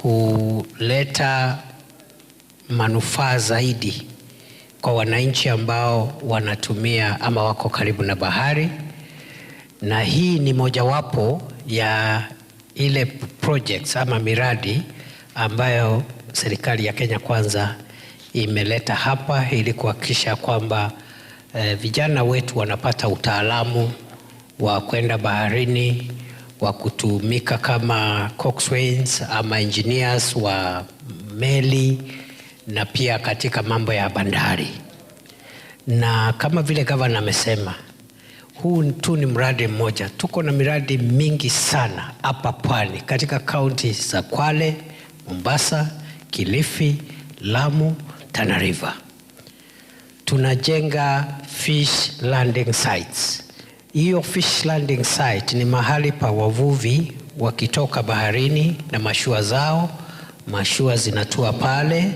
kuleta manufaa zaidi kwa wananchi ambao wanatumia ama wako karibu na bahari, na hii ni mojawapo ya ile projects ama miradi ambayo serikali ya Kenya Kwanza imeleta hapa ili kuhakikisha kwamba eh, vijana wetu wanapata utaalamu wa kwenda baharini wa kutumika kama coxswains ama engineers wa meli na pia katika mambo ya bandari, na kama vile gavana amesema, huu tu ni mradi mmoja. Tuko na miradi mingi sana hapa pwani katika kaunti za Kwale, Mombasa, Kilifi, Lamu, Tana River. Tunajenga fish landing sites hiyo fish landing site ni mahali pa wavuvi wakitoka baharini na mashua zao, mashua zinatua pale